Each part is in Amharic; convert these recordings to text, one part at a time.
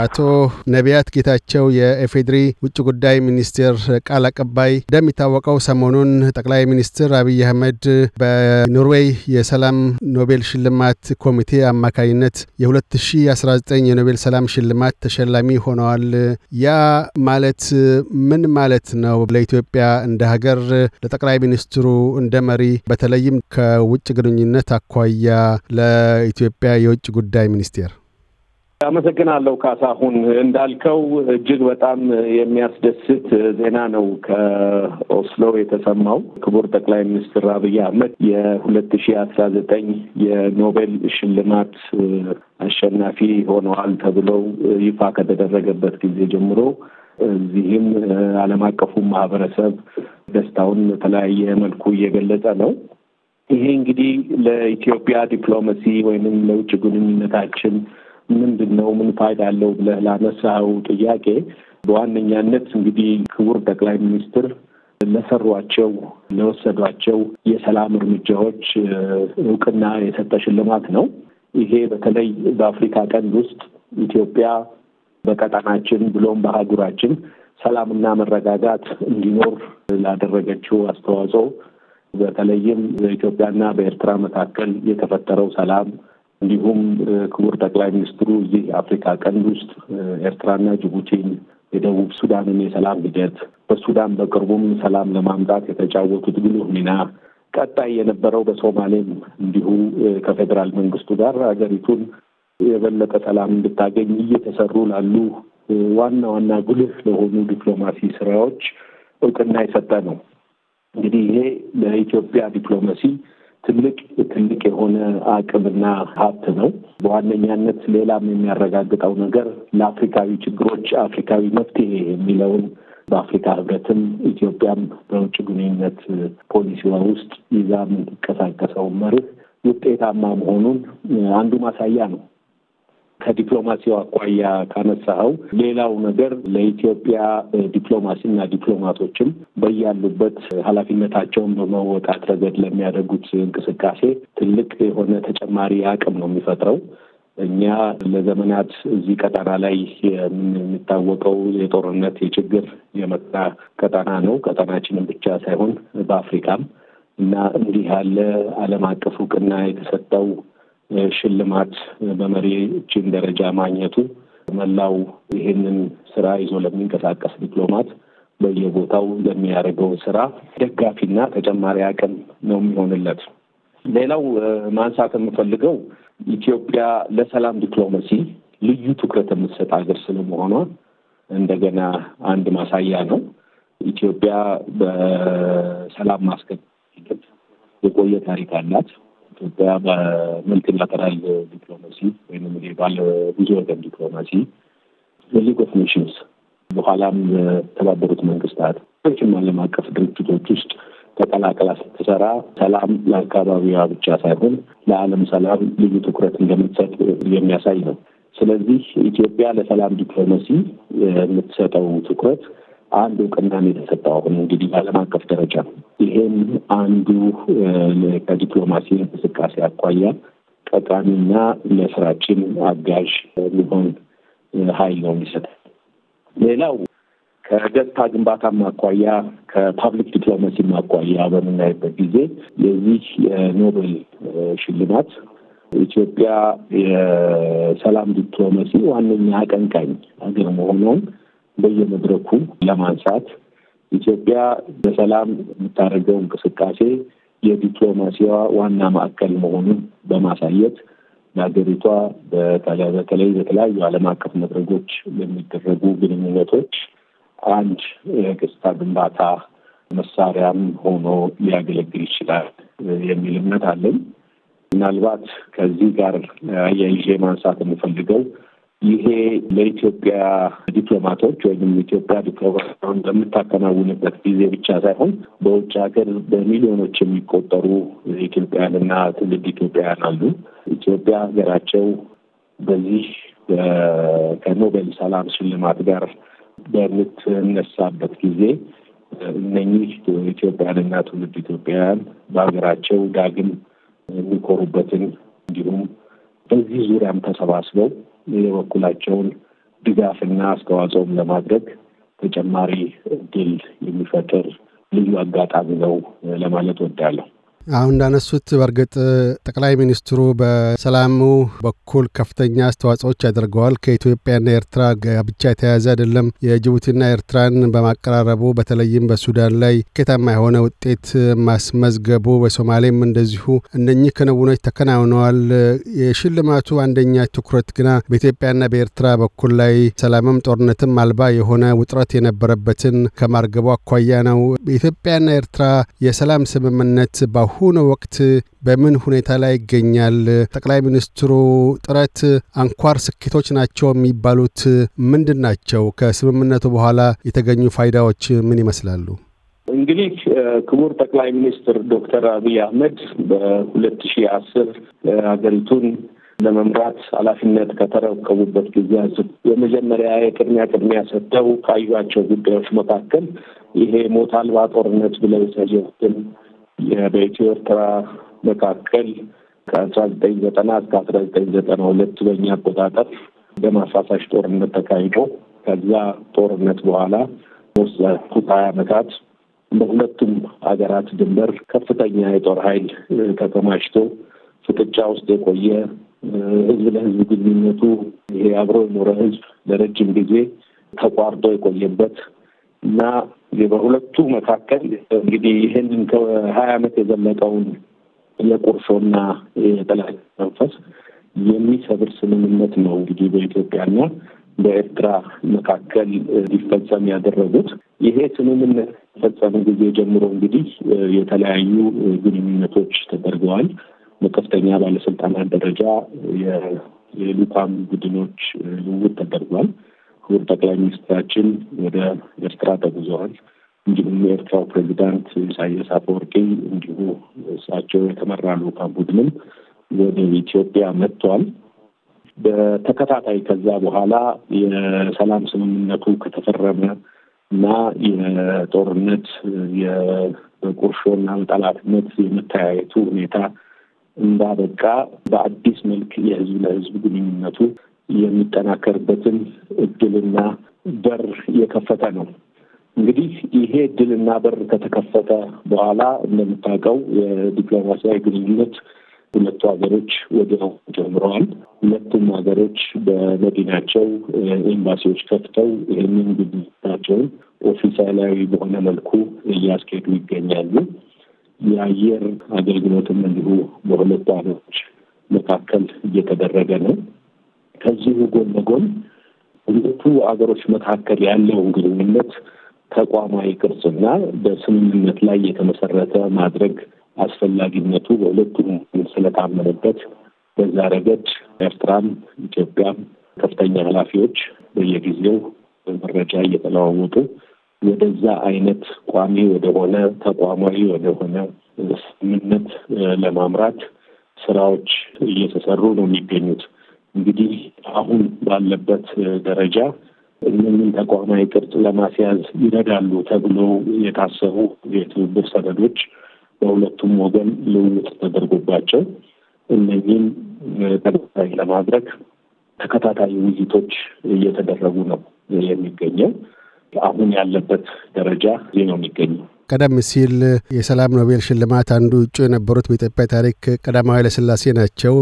አቶ ነቢያት ጌታቸው የኤፌድሪ ውጭ ጉዳይ ሚኒስቴር ቃል አቀባይ፣ እንደሚታወቀው ሰሞኑን ጠቅላይ ሚኒስትር አብይ አህመድ በኖርዌይ የሰላም ኖቤል ሽልማት ኮሚቴ አማካኝነት የ2019 የኖቤል ሰላም ሽልማት ተሸላሚ ሆነዋል። ያ ማለት ምን ማለት ነው? ለኢትዮጵያ እንደ ሀገር፣ ለጠቅላይ ሚኒስትሩ እንደ መሪ፣ በተለይም ከውጭ ግንኙነት አኳያ ለኢትዮጵያ የውጭ ጉዳይ ሚኒስቴር አመሰግናለሁ ካሳሁን። እንዳልከው እጅግ በጣም የሚያስደስት ዜና ነው ከኦስሎ የተሰማው። ክቡር ጠቅላይ ሚኒስትር አብይ አህመድ የሁለት ሺ አስራ ዘጠኝ የኖቤል ሽልማት አሸናፊ ሆነዋል ተብለው ይፋ ከተደረገበት ጊዜ ጀምሮ እዚህም ዓለም አቀፉ ማህበረሰብ ደስታውን በተለያየ መልኩ እየገለጸ ነው። ይሄ እንግዲህ ለኢትዮጵያ ዲፕሎማሲ ወይንም ለውጭ ግንኙነታችን ምንድን ነው ምን ፋይዳ ያለው ብለህ ላነሳው ጥያቄ በዋነኛነት እንግዲህ ክቡር ጠቅላይ ሚኒስትር ለሰሯቸው ለወሰዷቸው የሰላም እርምጃዎች እውቅና የሰጠ ሽልማት ነው። ይሄ በተለይ በአፍሪካ ቀንድ ውስጥ ኢትዮጵያ በቀጠናችን ብሎም በአህጉራችን ሰላምና መረጋጋት እንዲኖር ላደረገችው አስተዋጽኦ በተለይም በኢትዮጵያና በኤርትራ መካከል የተፈጠረው ሰላም እንዲሁም ክቡር ጠቅላይ ሚኒስትሩ ይህ የአፍሪካ ቀንድ ውስጥ ኤርትራና ጅቡቲን የደቡብ ሱዳንን የሰላም ሂደት በሱዳን በቅርቡም ሰላም ለማምጣት የተጫወቱት ጉልህ ሚና ቀጣይ የነበረው በሶማሌም እንዲሁ ከፌዴራል መንግስቱ ጋር ሀገሪቱን የበለጠ ሰላም እንድታገኝ እየተሰሩ ላሉ ዋና ዋና ጉልህ ለሆኑ ዲፕሎማሲ ስራዎች እውቅና የሰጠ ነው። እንግዲህ ይሄ ለኢትዮጵያ ዲፕሎማሲ ትልቅ ትልቅ የሆነ አቅምና ሀብት ነው። በዋነኛነት ሌላም የሚያረጋግጠው ነገር ለአፍሪካዊ ችግሮች አፍሪካዊ መፍትሄ የሚለውን በአፍሪካ ህብረትም ኢትዮጵያም በውጭ ግንኙነት ፖሊሲዋ ውስጥ ይዛ የምትንቀሳቀሰው መርህ ውጤታማ መሆኑን አንዱ ማሳያ ነው። ከዲፕሎማሲው አኳያ ካነሳኸው ሌላው ነገር ለኢትዮጵያ ዲፕሎማሲና ዲፕሎማቶችም በያሉበት ኃላፊነታቸውን በመወጣት ረገድ ለሚያደርጉት እንቅስቃሴ ትልቅ የሆነ ተጨማሪ አቅም ነው የሚፈጥረው። እኛ ለዘመናት እዚህ ቀጠና ላይ የሚታወቀው የጦርነት የችግር የመጣ ቀጠና ነው። ቀጠናችንን ብቻ ሳይሆን በአፍሪካም እና እንዲህ ያለ ዓለም አቀፍ እውቅና የተሰጠው ሽልማት በመሪ እጅን ደረጃ ማግኘቱ መላው ይህንን ስራ ይዞ ለሚንቀሳቀስ ዲፕሎማት በየቦታው ለሚያደርገው ስራ ደጋፊና ተጨማሪ አቅም ነው የሚሆንለት። ሌላው ማንሳት የምፈልገው ኢትዮጵያ ለሰላም ዲፕሎማሲ ልዩ ትኩረት የምትሰጥ ሀገር ስለመሆኗ እንደገና አንድ ማሳያ ነው። ኢትዮጵያ በሰላም ማስከበር የቆየ ታሪክ አላት። ኢትዮጵያ በመልቲላተራል ዲፕሎማሲ ወይም ባለ ብዙ ወገን ዲፕሎማሲ ሊግ ኦፍ ኔሽንስ በኋላም የተባበሩት መንግስታት ሌሎችም ዓለም አቀፍ ድርጅቶች ውስጥ ተቀላቀላ ስትሰራ ሰላም ለአካባቢዋ ብቻ ሳይሆን ለዓለም ሰላም ልዩ ትኩረት እንደምትሰጥ የሚያሳይ ነው። ስለዚህ ኢትዮጵያ ለሰላም ዲፕሎማሲ የምትሰጠው ትኩረት አንድ እውቅናን የተሰጠው አሁን እንግዲህ በዓለም አቀፍ ደረጃ ነው። ይሄም አንዱ ከዲፕሎማሲ እንቅስቃሴ አኳያ ጠቃሚና ለስራችን አጋዥ የሚሆን ኃይል ነው የሚሰጥ። ሌላው ከገጽታ ግንባታ አኳያ ከፓብሊክ ዲፕሎማሲ አኳያ በምናይበት ጊዜ የዚህ የኖቤል ሽልማት ኢትዮጵያ የሰላም ዲፕሎማሲ ዋነኛ አቀንቃኝ ሀገር መሆኗን በየመድረኩ ለማንሳት ኢትዮጵያ በሰላም የምታደርገው እንቅስቃሴ የዲፕሎማሲዋ ዋና ማዕከል መሆኑን በማሳየት ለሀገሪቷ በተለይ በተለያዩ ዓለም አቀፍ መድረጎች የሚደረጉ ግንኙነቶች አንድ የገጽታ ግንባታ መሳሪያም ሆኖ ሊያገለግል ይችላል የሚል እምነት አለኝ። ምናልባት ከዚህ ጋር አያይዤ ማንሳት የምፈልገው ይሄ ለኢትዮጵያ ዲፕሎማቶች ወይም ኢትዮጵያ ዲፕሎማሲን በምታከናውንበት ጊዜ ብቻ ሳይሆን በውጭ ሀገር በሚሊዮኖች የሚቆጠሩ ኢትዮጵያውያንና ትውልድ ኢትዮጵያውያን አሉ። ኢትዮጵያ ሀገራቸው በዚህ ከኖቤል ሰላም ሽልማት ጋር በምትነሳበት ጊዜ እነኚህ ኢትዮጵያውያንና ትውልድ ኢትዮጵያውያን በሀገራቸው ዳግም የሚኮሩበትን እንዲሁም በዚህ ዙሪያም ተሰባስበው የበኩላቸውን ድጋፍና አስተዋጽኦም ለማድረግ ተጨማሪ እድል የሚፈጥር ልዩ አጋጣሚ ነው ለማለት ወዳለሁ። አሁን እንዳነሱት በእርግጥ ጠቅላይ ሚኒስትሩ በሰላሙ በኩል ከፍተኛ አስተዋጽኦች አድርገዋል። ከኢትዮጵያና ኤርትራ ብቻ የተያያዘ አይደለም። የጅቡቲና ኤርትራን በማቀራረቡ በተለይም በሱዳን ላይ ስኬታማ የሆነ ውጤት ማስመዝገቡ፣ በሶማሌም እንደዚሁ እነኚህ ክንውኖች ተከናውነዋል። የሽልማቱ አንደኛ ትኩረት ግና በኢትዮጵያና በኤርትራ በኩል ላይ ሰላምም ጦርነትም አልባ የሆነ ውጥረት የነበረበትን ከማርገቡ አኳያ ነው። በኢትዮጵያና ኤርትራ የሰላም ስምምነት ባሁ በአሁኑ ወቅት በምን ሁኔታ ላይ ይገኛል? ጠቅላይ ሚኒስትሩ ጥረት አንኳር ስኬቶች ናቸው የሚባሉት ምንድን ናቸው? ከስምምነቱ በኋላ የተገኙ ፋይዳዎች ምን ይመስላሉ? እንግዲህ ክቡር ጠቅላይ ሚኒስትር ዶክተር አብይ አህመድ በሁለት ሺ አስር ሀገሪቱን ለመምራት ኃላፊነት ከተረከቡበት ጊዜ አንስቶ የመጀመሪያ የቅድሚያ ቅድሚያ ሰጥተው ካዩቸው ጉዳዮች መካከል ይሄ ሞት አልባ ጦርነት ብለው የተጀትን በኢትዮ ኤርትራ መካከል ከአስራ ዘጠኝ ዘጠና እስከ አስራ ዘጠኝ ዘጠና ሁለት በኛ አቆጣጠር ደም አፋሳሽ ጦርነት ተካሂዶ ከዛ ጦርነት በኋላ ላለፉት ሀያ ዓመታት በሁለቱም ሀገራት ድንበር ከፍተኛ የጦር ኃይል ተከማችቶ ፍጥጫ ውስጥ የቆየ ህዝብ ለህዝብ ግንኙነቱ ይሄ አብሮ የኖረ ህዝብ ለረጅም ጊዜ ተቋርጦ የቆየበት እና በሁለቱ መካከል እንግዲህ ይህንን ከሀያ አመት የዘለቀውን የቁርሾና የጠላት መንፈስ የሚሰብር ስምምነት ነው እንግዲህ በኢትዮጵያና በኤርትራ መካከል እንዲፈጸም ያደረጉት። ይሄ ስምምነት ፈጸመ ጊዜ ጀምሮ እንግዲህ የተለያዩ ግንኙነቶች ተደርገዋል። በከፍተኛ ባለስልጣናት ደረጃ የልኡካን ቡድኖች ልውውጥ ተደርጓል። ክቡር ጠቅላይ ሚኒስትራችን ወደ ኤርትራ ተጉዘዋል። እንዲሁም የኤርትራው ፕሬዚዳንት ኢሳያስ አፈወርቂ እንዲሁ እሳቸው የተመራ ልዑካን ቡድንም ወደ ኢትዮጵያ መጥቷል። በተከታታይ ከዛ በኋላ የሰላም ስምምነቱ ከተፈረመ እና የጦርነት በቁርሾና በጠላትነት የመተያየቱ ሁኔታ እንዳበቃ በአዲስ መልክ የህዝብ ለህዝብ ግንኙነቱ የሚጠናከርበትን እድልና በር የከፈተ ነው። እንግዲህ ይሄ እድልና በር ከተከፈተ በኋላ እንደምታውቀው የዲፕሎማሲያዊ ግንኙነት ሁለቱ ሀገሮች ወዲያው ጀምረዋል። ሁለቱም ሀገሮች በመዲናቸው ኤምባሲዎች ከፍተው ይህንን ግንኙነታቸውን ኦፊሳላዊ በሆነ መልኩ እያስኬዱ ይገኛሉ። የአየር አገልግሎትም እንዲሁ በሁለቱ ሀገሮች መካከል እየተደረገ ነው። ከዚሁ ጎን ለጎን ሁለቱ አገሮች መካከል ያለውን ግንኙነት ተቋማዊ ቅርጽና በስምምነት ላይ የተመሰረተ ማድረግ አስፈላጊነቱ በሁለቱም ስለታመነበት በዛ ረገድ ኤርትራም ኢትዮጵያም ከፍተኛ ኃላፊዎች በየጊዜው መረጃ እየተለዋወጡ ወደዛ አይነት ቋሚ ወደሆነ ተቋማዊ ወደሆነ ስምምነት ለማምራት ስራዎች እየተሰሩ ነው የሚገኙት። እንግዲህ አሁን ባለበት ደረጃ እነኝን ተቋማዊ ቅርጽ ለማስያዝ ይረዳሉ ተብሎ የታሰቡ የትብብር ሰነዶች በሁለቱም ወገን ልውውጥ ተደርጎባቸው እነኝን ተግባራዊ ለማድረግ ተከታታይ ውይይቶች እየተደረጉ ነው የሚገኘው። አሁን ያለበት ደረጃ ዜ ነው የሚገኘው። ቀደም ሲል የሰላም ኖቤል ሽልማት አንዱ እጩ የነበሩት በኢትዮጵያ ታሪክ ቀዳማዊ ኃይለሥላሴ ናቸው።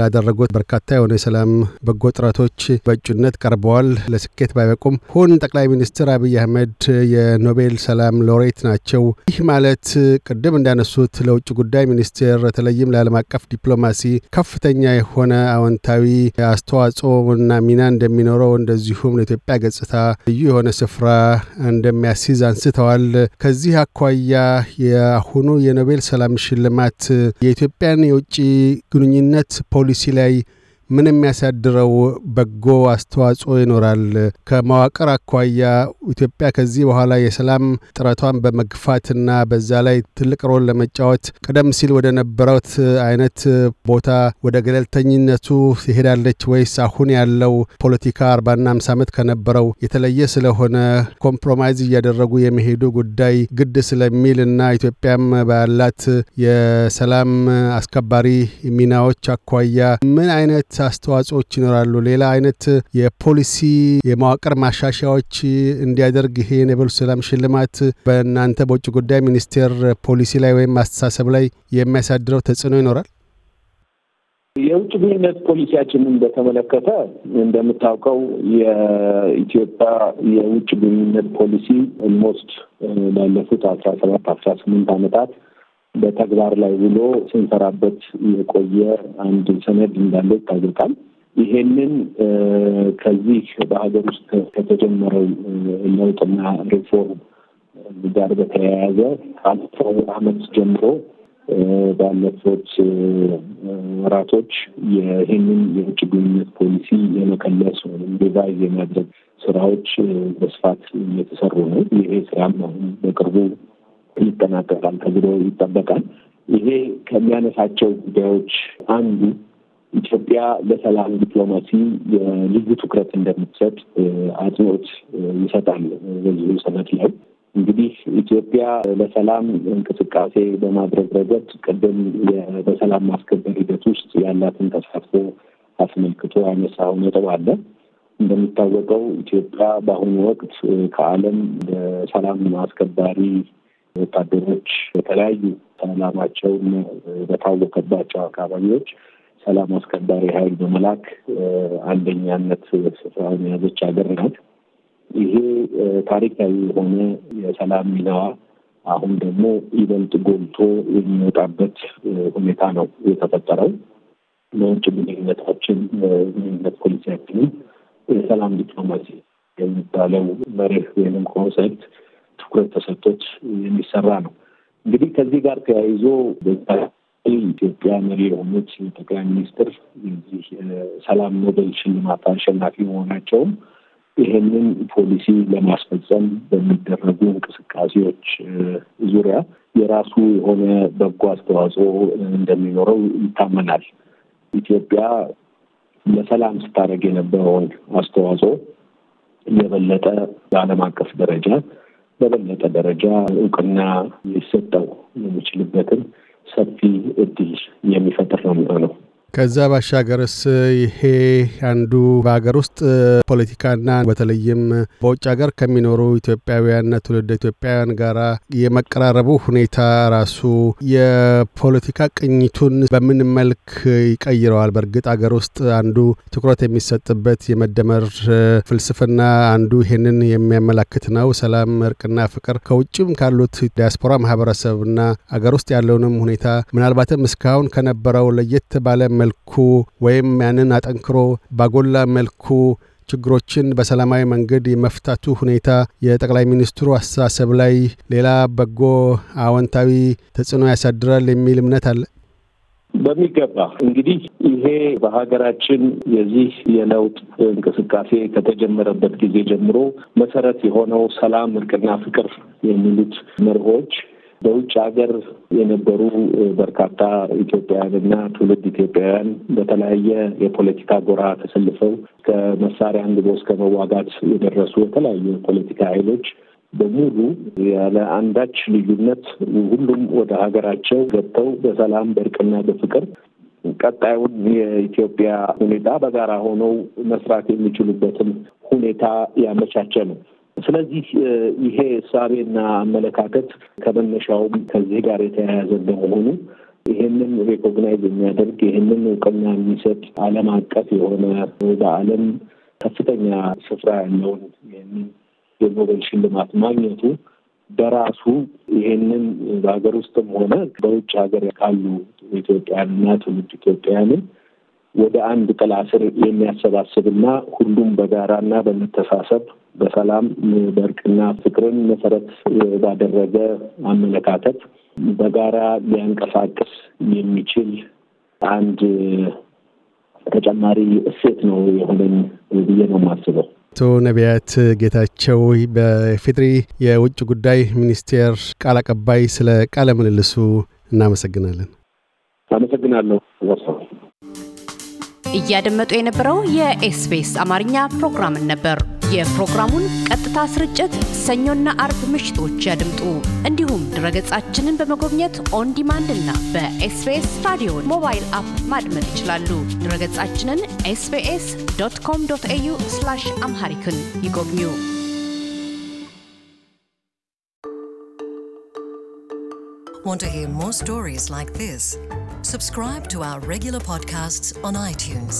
ላደረጉት በርካታ የሆነ የሰላም በጎ ጥረቶች በእጩነት ቀርበዋል። ለስኬት ባይበቁም ሁን ጠቅላይ ሚኒስትር አብይ አህመድ የኖቤል ሰላም ሎሬት ናቸው። ይህ ማለት ቅድም እንዳነሱት ለውጭ ጉዳይ ሚኒስቴር በተለይም ለዓለም አቀፍ ዲፕሎማሲ ከፍተኛ የሆነ አዎንታዊ አስተዋጽኦና ሚና እንደሚኖረው እንደዚሁም ለኢትዮጵያ ገጽታ ልዩ የሆነ ስፍራ እንደሚያስይዝ አንስተዋል። ከዚህ አኳያ የአሁኑ የኖቤል ሰላም ሽልማት የኢትዮጵያን የውጭ ግንኙነት ፖሊሲ ላይ ምን የሚያሳድረው በጎ አስተዋጽኦ ይኖራል? ከመዋቅር አኳያ ኢትዮጵያ ከዚህ በኋላ የሰላም ጥረቷን በመግፋትና በዛ ላይ ትልቅ ሮል ለመጫወት ቀደም ሲል ወደ ነበረት አይነት ቦታ ወደ ገለልተኝነቱ ትሄዳለች ወይስ አሁን ያለው ፖለቲካ አርባና አምሳ ዓመት ከነበረው የተለየ ስለሆነ ኮምፕሮማይዝ እያደረጉ የመሄዱ ጉዳይ ግድ ስለሚል እና ኢትዮጵያም ባላት የሰላም አስከባሪ ሚናዎች አኳያ ምን አይነት አስተዋጽኦች ይኖራሉ። ሌላ አይነት የፖሊሲ የመዋቅር ማሻሻያዎች እንዲያደርግ ይሄ የኖቤል ሰላም ሽልማት በእናንተ በውጭ ጉዳይ ሚኒስቴር ፖሊሲ ላይ ወይም አስተሳሰብ ላይ የሚያሳድረው ተጽዕኖ ይኖራል? የውጭ ግንኙነት ፖሊሲያችንን በተመለከተ እንደምታውቀው የኢትዮጵያ የውጭ ግንኙነት ፖሊሲ ኦልሞስት ባለፉት አስራ ሰባት አስራ ስምንት ዓመታት በተግባር ላይ ውሎ ስንሰራበት የቆየ አንድ ሰነድ እንዳለ ይታወቃል። ይሄንን ከዚህ በሀገር ውስጥ ከተጀመረው ለውጥና ሪፎርም ጋር በተያያዘ ካለፈው ዓመት ጀምሮ ባለፉት ወራቶች ይህንን የውጭ ግንኙነት ፖሊሲ የመከለስ ወይም ሪቫይዝ የማድረግ ስራዎች በስፋት እየተሰሩ ነው። ይሄ ስራም አሁን በቅርቡ ይጠበቃል ተብሎ ይጠበቃል። ይሄ ከሚያነሳቸው ጉዳዮች አንዱ ኢትዮጵያ ለሰላም ዲፕሎማሲ የልዩ ትኩረት እንደምትሰጥ አጽንኦት ይሰጣል። በዚሁ ሰነድ ላይ እንግዲህ ኢትዮጵያ ለሰላም እንቅስቃሴ በማድረግ ረገድ ቅድም በሰላም ማስከበር ሂደት ውስጥ ያላትን ተሳትፎ አስመልክቶ ያነሳው ነጥብ አለ። እንደሚታወቀው ኢትዮጵያ በአሁኑ ወቅት ከዓለም ሰላም አስከባሪ ወታደሮች የተለያዩ ሰላማቸውን በታወቀባቸው አካባቢዎች ሰላም አስከባሪ ኃይል በመላክ አንደኛነት ስፍራውን የያዘች ሀገር ናት። ይሄ ታሪካዊ የሆነ የሰላም ሚናዋ አሁን ደግሞ ይበልጥ ጎልቶ የሚወጣበት ሁኔታ ነው የተፈጠረው። ለውጭ ግንኙነታችን ግንኙነት ፖሊሲያችንም የሰላም ዲፕሎማሲ የሚባለው መርህ ወይም ኮንሰፕት ትኩረት ተሰጥቶት የሚሰራ ነው። እንግዲህ ከዚህ ጋር ተያይዞ ኢትዮጵያ መሪ የሆኑት ጠቅላይ ሚኒስትር የዚህ ሰላም ኖቤል ሽልማት አሸናፊ መሆናቸውም ይህንን ፖሊሲ ለማስፈጸም በሚደረጉ እንቅስቃሴዎች ዙሪያ የራሱ የሆነ በጎ አስተዋጽኦ እንደሚኖረው ይታመናል። ኢትዮጵያ ለሰላም ስታደርግ የነበረውን አስተዋጽኦ የበለጠ በዓለም አቀፍ ደረጃ በበለጠ ደረጃ እውቅና ሊሰጠው የሚችልበትን ሰፊ እድል የሚፈጥር ነው የሚሆነው። ከዛ ባሻገርስ ይሄ አንዱ በሀገር ውስጥ ፖለቲካና በተለይም በውጭ ሀገር ከሚኖሩ ኢትዮጵያውያንና ትውልደ ኢትዮጵያውያን ጋራ የመቀራረቡ ሁኔታ ራሱ የፖለቲካ ቅኝቱን በምን መልክ ይቀይረዋል? በእርግጥ ሀገር ውስጥ አንዱ ትኩረት የሚሰጥበት የመደመር ፍልስፍና አንዱ ይሄንን የሚያመላክት ነው፣ ሰላም እርቅና ፍቅር። ከውጭም ካሉት ዲያስፖራ ማህበረሰብና አገር ውስጥ ያለውንም ሁኔታ ምናልባትም እስካሁን ከነበረው ለየት ባለ መልኩ ወይም ያንን አጠንክሮ ባጎላ መልኩ ችግሮችን በሰላማዊ መንገድ የመፍታቱ ሁኔታ የጠቅላይ ሚኒስትሩ አስተሳሰብ ላይ ሌላ በጎ አዎንታዊ ተጽዕኖ ያሳድራል የሚል እምነት አለ። በሚገባ እንግዲህ ይሄ በሀገራችን የዚህ የለውጥ እንቅስቃሴ ከተጀመረበት ጊዜ ጀምሮ መሰረት የሆነው ሰላም፣ እርቅና ፍቅር የሚሉት መርሆች በውጭ ሀገር የነበሩ በርካታ ኢትዮጵያውያንና ትውልድ ኢትዮጵያውያን በተለያየ የፖለቲካ ጎራ ተሰልፈው ከመሳሪያ አንግቦ እስከ መዋጋት የደረሱ የተለያዩ የፖለቲካ ኃይሎች በሙሉ ያለ አንዳች ልዩነት ሁሉም ወደ ሀገራቸው ገብተው በሰላም በእርቅና በፍቅር ቀጣዩን የኢትዮጵያ ሁኔታ በጋራ ሆነው መስራት የሚችሉበትን ሁኔታ ያመቻቸ ነው። ስለዚህ ይሄ እሳቤና አመለካከት ከመነሻውም ከዚህ ጋር የተያያዘ በመሆኑ ይህንን ሬኮግናይዝ የሚያደርግ ይህንን እውቅና የሚሰጥ ዓለም አቀፍ የሆነ በዓለም ከፍተኛ ስፍራ ያለውን ይህንን የኖቤል ሽልማት ማግኘቱ በራሱ ይህንን በሀገር ውስጥም ሆነ በውጭ ሀገር ካሉ ኢትዮጵያውያንና ትውልድ ኢትዮጵያንን ወደ አንድ ጥላ ስር የሚያሰባስብና ሁሉም በጋራና በመተሳሰብ በሰላም በእርቅና ፍቅርን መሰረት ባደረገ አመለካከት በጋራ ሊያንቀሳቅስ የሚችል አንድ ተጨማሪ እሴት ነው የሆነኝ ብዬ ነው የማስበው። አቶ ነቢያት ጌታቸው በፌድሪ የውጭ ጉዳይ ሚኒስቴር ቃል አቀባይ፣ ስለ ቃለ ምልልሱ እናመሰግናለን። አመሰግናለሁ። እያደመጡ የነበረው የኤስቢኤስ አማርኛ ፕሮግራምን ነበር። የፕሮግራሙን ቀጥታ ስርጭት ሰኞና አርብ ምሽቶች ያድምጡ። እንዲሁም ድረገጻችንን በመጎብኘት ኦን ዲማንድ እና በኤስቤስ ራዲዮ ሞባይል አፕ ማድመጥ ይችላሉ። ድረገጻችንን ኤስቤስ ዶት ኮም ዶት ኤዩ አምሃሪክን ይጎብኙ። Want to hear more stories like this? Subscribe to our regular podcasts on iTunes.